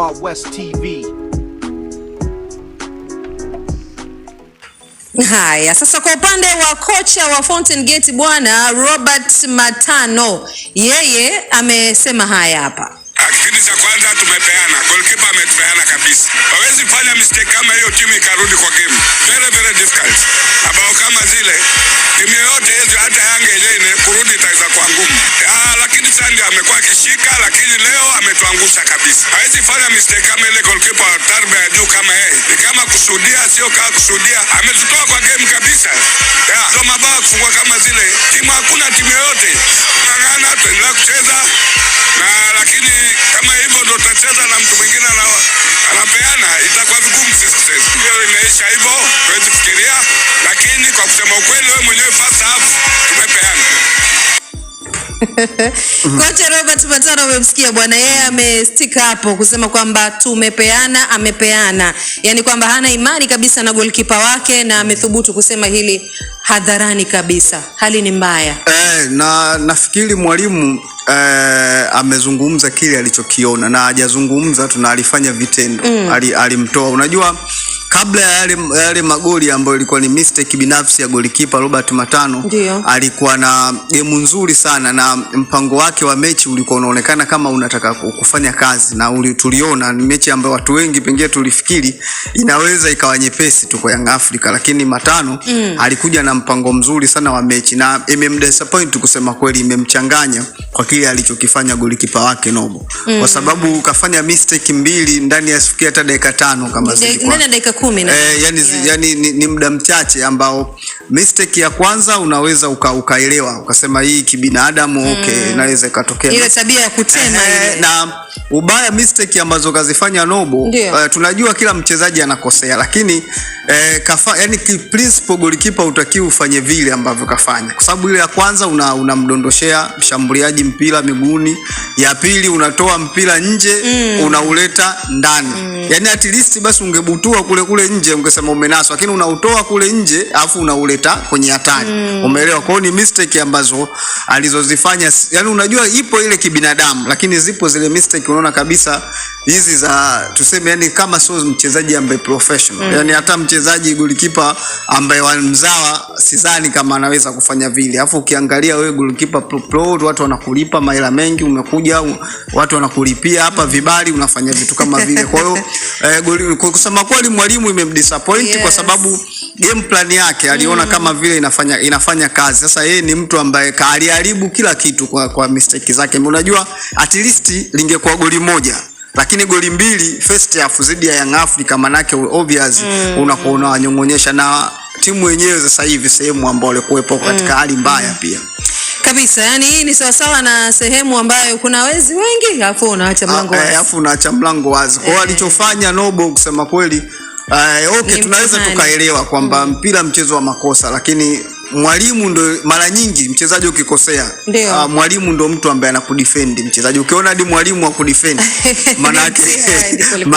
Wild West TV. Haya, sasa kwa upande wa kocha wa Fountain Gate bwana Robert Matano, yeye amesema haya hapa. Akili cha kwanza tumepeana, goalkeeper ametupeana kabisa. Hawezi fanya mistake kama hiyo, timu ikarudi kwa game. Very very difficult. Abao kama zile timu yote hizo, hata Yanga yenyewe Haaland amekuwa akishika, lakini leo ametuangusha kabisa. Hawezi fanya mistake kama ile goalkeeper wa tarbe ya juu kama yeye, ni kama kusudia, sio kaa kusudia. ametutoa kwa game kabisa. Yeah. So mabao kufungwa kama zile timu, hakuna timu yoyote Tunang'ana, tuendelea kucheza na lakini kama hivyo ndo tutacheza na mtu mwingine ana anapeana, itakuwa vigumu sisi kucheza. Hiyo imeisha hivyo, tuwezi kufikiria, lakini kwa kusema ukweli, wewe mwenyewe first half tumepeana Kocha Robert Matano umemsikia bwana, yeye amestick hapo kusema kwamba tumepeana, amepeana, yani kwamba hana imani kabisa na golkipa wake na amethubutu kusema hili hadharani kabisa. Hali ni mbaya eh, na nafikiri mwalimu eh, amezungumza kile alichokiona na hajazungumza tunalifanya vitendo mm. alimtoa unajua kabla ya yale, yale magoli ambayo ilikuwa ni mistake binafsi ya golikipa Robert Matano. Ndiyo. Alikuwa na gemu nzuri sana na mpango wake wa mechi ulikuwa unaonekana kama unataka kufanya kazi na uli, tuliona ni mechi ambayo watu wengi pengine tulifikiri inaweza ikawa nyepesi tu kwa Young Africa, lakini Matano mm. alikuja na mpango mzuri sana wa mechi na imemdisappoint kusema kweli, imemchanganya kwa kile alichokifanya golikipa wake Nobo mm. kwa sababu kafanya mistake mbili ndani ya siku hata dakika tano kama zilikuwa kumi na eh, yani, yani ni, ni muda mchache ambao mistake ya kwanza unaweza ukaelewa uka, ukasema hii kibinadamu okay, hmm. inaweza ikatokea ile tabia ya kutema ile. Na ubaya mistake ambazo kazifanya Nobo uh, eh, tunajua kila mchezaji anakosea, lakini eh, kafa, yani principal goalkeeper utakiwa ufanye vile ambavyo kafanya, kwa sababu ile ya kwanza unamdondoshea una mshambuliaji mpira miguuni, ya pili unatoa mpira nje mm. unauleta ndani mm. yani at least basi ungebutua kule kule nje ungesema umenaswa, lakini unautoa kule nje afu unauleta kuleta kwenye hatari mm. Umeelewa? Kwa hiyo ni mistake ambazo alizozifanya, yani unajua ipo ile kibinadamu, lakini zipo zile mistake unaona kabisa hizi za tuseme, yani kama sio mchezaji ambaye professional mm. yani hata mchezaji goalkeeper ambaye wa mzawa sidhani kama anaweza kufanya vile. Alafu ukiangalia wewe goalkeeper pro, pro watu wanakulipa maila mengi, umekuja watu wanakulipia hapa mm. vibali, unafanya vitu kama vile. Kwa hiyo eh, kusema kweli mwalimu imemdisappoint yes. kwa sababu game plan yake aliona mm. kama vile inafanya, inafanya kazi. Sasa yeye ni mtu ambaye aliharibu kila kitu kwa, kwa mistake zake. Unajua at least lingekuwa goli moja lakini goli mbili first half zidi ya Young Africa manake obvious mm. unakuwa unawanyong'onyesha na timu yenyewe sasa hivi sehemu ambayo walikuwepo katika mm. hali mm. mbaya pia kabisa yani, hii ni sawasawa na sehemu ambayo kuna wezi wengi, alafu unaacha mlango ah, wazi, eh, alafu unaacha mlango wazi. Kwa hiyo eh. alichofanya Nobo, kusema kweli Uh, okay, tunaweza tukaelewa kwamba mm. mpira mchezo wa makosa, lakini mwalimu ndo mara nyingi mchezaji ukikosea, uh, mwalimu ndo mtu ambaye anakudefend mchezaji. Ukiona hadi mwalimu kudefend maana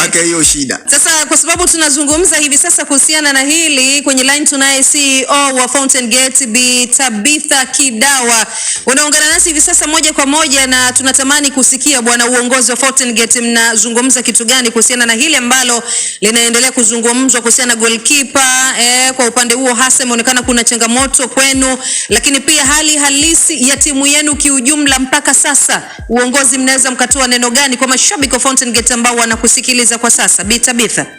yake hiyo shida sasa Eh, kwa sababu tunazungumza hivi sasa kuhusiana na hili, kwenye line tunaye CEO wa Fountain Gate Bi Tabitha Kidawa. Unaungana nasi hivi sasa moja kwa moja, na tunatamani kusikia bwana, uongozi wa Fountain Gate, mnazungumza kitu gani kuhusiana na hili ambalo linaendelea kuzungumzwa kuhusiana na goalkeeper eh? Kwa upande huo hasa imeonekana kuna changamoto kwenu, lakini pia hali halisi ya timu yenu kiujumla mpaka sasa, uongozi mnaweza mkatoa neno gani kwa mashabiki wa Fountain Gate ambao wanakusikiliza kwa sasa? Bi Tabitha.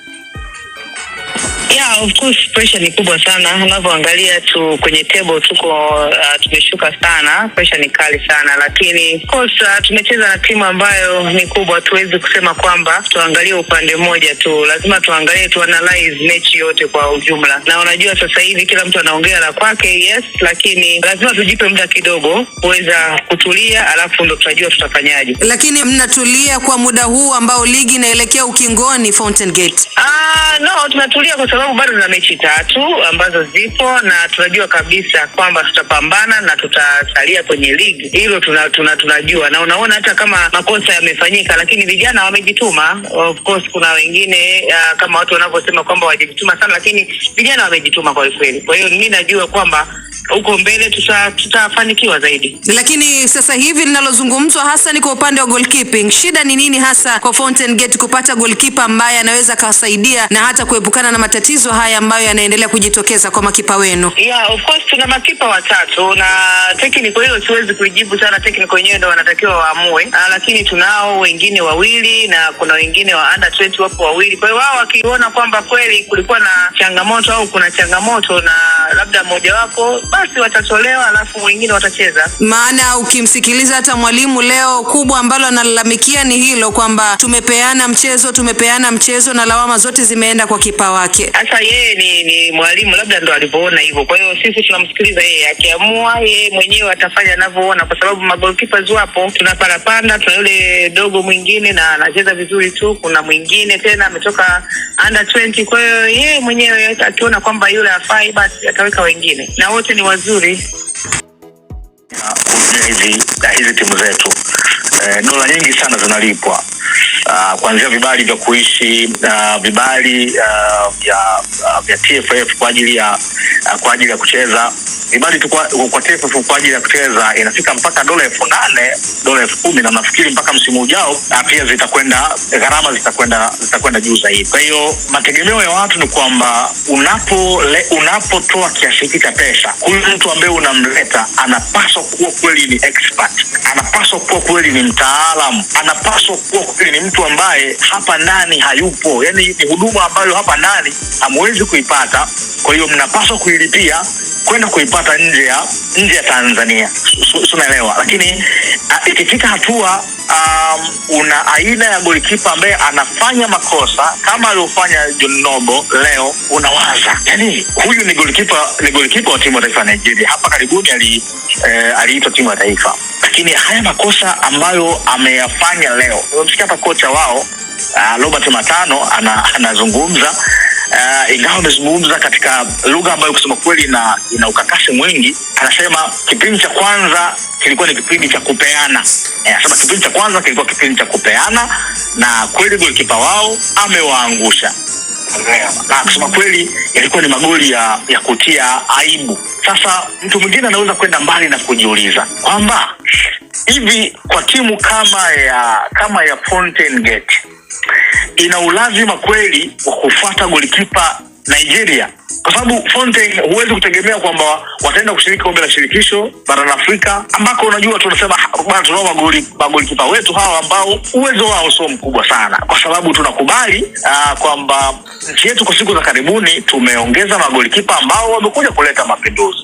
Yeah, of course pressure ni kubwa sana. Unavyoangalia tu kwenye table tuko uh, tumeshuka sana, pressure ni kali sana, lakini of course uh, tumecheza na timu ambayo ni kubwa. Tuwezi kusema kwamba tuangalie upande mmoja tu, lazima tuangalie tu analyze mechi yote kwa ujumla, na unajua sasa hivi kila mtu anaongea la kwake, yes, lakini lazima tujipe muda kidogo kuweza kutulia, alafu ndo tutajua tutafanyaje. Lakini mnatulia kwa muda huu ambao ligi inaelekea ukingoni Fountain Gate? Ah, no tunatulia kwa sababu bado zina mechi tatu ambazo zipo na tunajua kabisa kwamba tutapambana na tutasalia kwenye ligi. Hilo tuna, tuna, tunajua na unaona hata kama makosa yamefanyika, lakini vijana wamejituma. Of course kuna wengine uh, kama watu wanavyosema kwamba wajajituma sana, lakini vijana wamejituma kwa kweli. Kwa hiyo mi najua kwamba huko mbele tutafanikiwa tuta zaidi. Lakini sasa hivi linalozungumzwa hasa ni kwa upande wa goalkeeping, shida ni nini hasa kwa Fountain Gate kupata goalkeeper ambaye anaweza akawasaidia na hata kuepukana na matatizo haya ambayo yanaendelea kujitokeza kwa makipa wenu? Yeah, of course tuna makipa watatu na technical, hiyo siwezi kuijibu sana, technical wenyewe ndio wanatakiwa waamue, ah, lakini tunao wengine wawili na kuna wengine wa under 20 wapo wawili. Kwa hiyo wao wakiona kwamba kweli kulikuwa na changamoto au kuna changamoto na labda mmoja wapo basi watatolewa, alafu wengine watacheza. Maana ukimsikiliza hata mwalimu leo, kubwa ambalo analalamikia ni hilo kwamba tumepeana mchezo, tumepeana mchezo na lawama zote zimeenda kwa kipa wake. Sasa yeye ni, ni mwalimu labda ndo alivyoona hivyo, kwa hiyo sisi tunamsikiliza yeye, akiamua yeye mwenyewe atafanya anavyoona, kwa sababu magolikipas wapo, tuna Parapanda, tuna yule dogo mwingine na anacheza vizuri tu, kuna mwingine tena ametoka under 20. Kwa hiyo yeye mwenyewe akiona kwamba yule afai, basi ataweka wengine na wote ni wazuri hizi na hizi timu zetu e, dola nyingi sana zinalipwa ah, kuanzia vibali vya kuishi uh, vibali uh, vya, uh, vya TFF kwa ajili ya uh, kwa ajili ya kucheza ni tu kwa tepu tu kwa ajili ya kucheza, inafika mpaka dola elfu nane dola elfu kumi na nafikiri mpaka msimu ujao pia zitakwenda gharama zitakwenda zitakwenda juu zaidi. Kwa hiyo mategemeo ya watu ni kwamba unapo unapotoa kiasi hiki cha pesa, huyu mtu ambaye unamleta anapaswa kuwa kweli ni expert, anapaswa kuwa kweli ni mtaalamu, anapaswa kuwa kweli ni mtu ambaye hapa ndani hayupo. Yani ni huduma ambayo hapa ndani hamwezi kuipata, kwa hiyo mnapaswa kuilipia kwenda kuipata nje ya nje ya Tanzania, sunaelewa. Lakini ah, ikifika hatua um, una aina ya golikipa ambaye anafanya makosa kama aliyofanya John Nobo leo, unawaza yani, huyu ni golikipa ni golikipa wa timu ya taifa Nigeria. Hapa karibuni ali eh, aliitwa timu ya taifa, lakini haya makosa ambayo ameyafanya leo, umemsikia hapa kocha wao ah, Robert Matano anazungumza ana ingawa amezungumza katika lugha ambayo kusema kweli na ina ukakasi mwingi. Anasema kipindi cha kwanza kilikuwa ni kipindi cha kupeana. Eh, anasema kipindi cha kwanza kilikuwa kipindi cha kupeana, na kweli golikipa wao amewaangusha na kusema kweli yalikuwa ni magoli ya, ya kutia aibu. Sasa mtu mwingine anaweza kwenda mbali na kujiuliza kwamba hivi kwa timu kama ya kama ya Fountain Gate ina ulazima kweli wa kufuata golikipa Nigeria, kwa sababu fontain huwezi kutegemea kwamba wataenda kushiriki kombe la shirikisho barani Afrika ambako unajua tunasema bwana, tunao magoli magoli kipa wetu hawa ambao uwezo wao sio mkubwa sana, kwa sababu tunakubali ah, kwamba nchi yetu kwa siku za karibuni tumeongeza magoli kipa ambao wamekuja kuleta mapinduzi.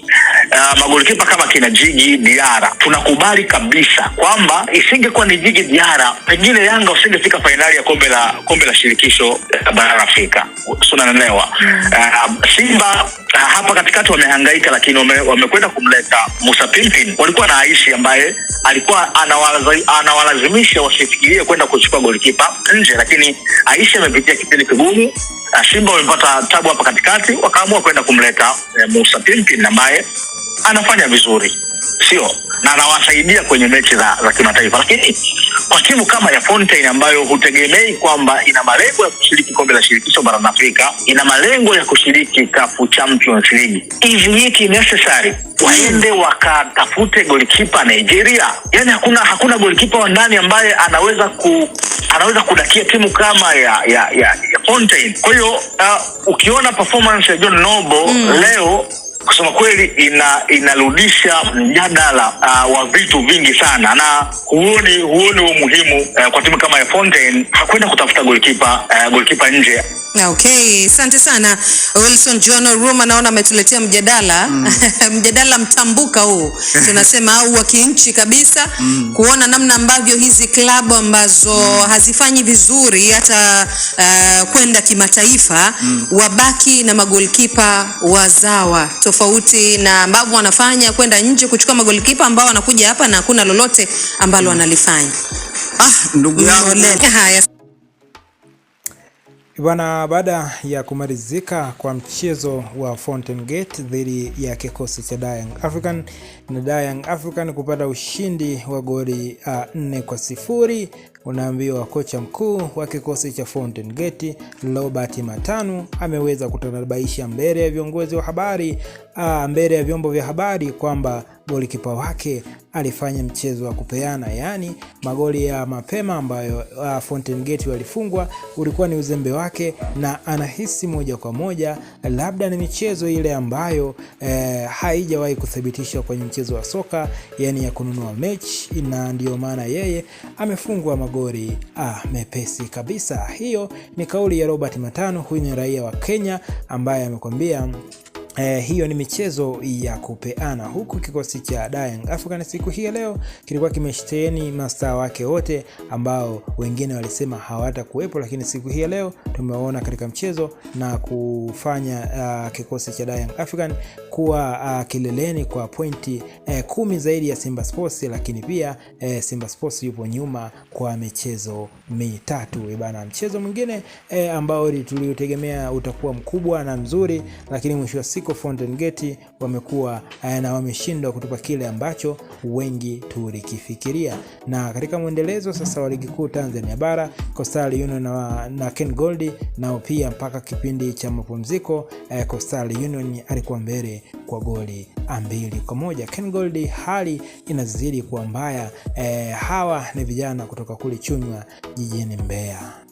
Ah, magoli kipa kama kina jiji Diara, tunakubali kabisa kwamba isingekuwa ni jiji Diara, pengine Yanga usingefika fainali ya kombe la kombe la shirikisho eh, barani Afrika. Sunanelewa. Uh, Simba uh, hapa katikati wamehangaika, lakini wame, wamekwenda kumleta Musa Pimpin. Walikuwa na Aishi ambaye alikuwa anawalazimisha wasifikirie kwenda kuchukua golikipa nje, lakini Aishi amepitia kipindi kigumu. Uh, Simba wamepata tabu hapa katikati, wakaamua kwenda kumleta uh, Musa Pimpin ambaye anafanya vizuri, sio na anawasaidia kwenye mechi za, za kimataifa. Lakini kwa timu kama ya Fontaine ambayo hutegemei kwamba ina malengo ya kushiriki kombe la shirikisho barani Afrika, ina malengo ya kushiriki CAF Champions League, hivi hiki necessary waende wakatafute golikipa Nigeria? Yani hakuna hakuna golikipa wa ndani ambaye anaweza ku anaweza kudakia timu kama ya ya ya, ya Fontaine. Kwa hiyo uh, ukiona performance ya John Noble mm. leo kusema kweli ina, inarudisha mjadala uh, wa vitu vingi sana na huoni huoni umuhimu uh, kwa timu kama ya Fontaine hakwenda kutafuta golkipa uh, golikipa nje. Okay, asante sana Wilson John Roma, naona ametuletea mjadala mm. mjadala mtambuka huu tunasema au wa kinchi kabisa mm. kuona namna ambavyo hizi klabu ambazo mm. hazifanyi vizuri hata uh, kwenda kimataifa mm. wabaki na magolkipa wazawa tofauti na ambavyo wanafanya kwenda nje kuchukua magolikipa ambao wanakuja hapa na hakuna lolote ambalo wanalifanya. Ah, ndugu yangu. Haya. Bwana, baada ya kumalizika kwa mchezo wa Fountain Gate dhidi ya kikosi cha Young African na Young African kupata ushindi wa goli ah, nne uh, kwa sifuri, unaambiwa kocha mkuu wa kikosi cha Fountain Gate Robert matanu ameweza kutanabaisha mbele ya viongozi wa habari uh, mbele ya vyombo vya habari kwamba golikipa wake alifanya mchezo wa kupeana, yaani magoli ya mapema ambayo uh, Fountain Gate walifungwa ulikuwa ni uzembe wake, na anahisi moja kwa moja labda ni michezo ile ambayo eh, haijawahi kuthibitishwa kwenye mchezo wa soka, yaani ya kununua mechi, na ndiyo maana yeye amefungwa magoli ah, mepesi kabisa. Hiyo ni kauli ya Robert Matano. Huyu ni raia wa Kenya ambaye amekwambia Eh, hiyo ni michezo ya kupeana, huku kikosi cha Young Africans siku hii leo kilikuwa kimeshiteni mastaa wake wote ambao wengine walisema hawata kuwepo lakini siku hii leo tumeona katika mchezo na kufanya uh, kikosi cha Young Africans kuwa uh, kileleni kwa pointi eh, kumi zaidi ya Simba Sports, lakini pia eh, Simba Sports yupo nyuma kwa michezo mitatu eh, bana. Mchezo mwingine eh, ambao tuliutegemea utakuwa mkubwa na mzuri, lakini mwisho wa siku huko Fountain Gate wamekuwa eh, na wameshindwa kutupa kile ambacho wengi tulikifikiria. Na katika mwendelezo sasa wa ligi kuu Tanzania bara Coastal Union na, na Ken Gold nao pia mpaka kipindi cha mapumziko eh, Coastal Union alikuwa mbele kwa goli mbili kwa moja. Ken Gold hali inazidi kuwa mbaya eh, hawa ni vijana kutoka kule Chunywa jijini Mbeya.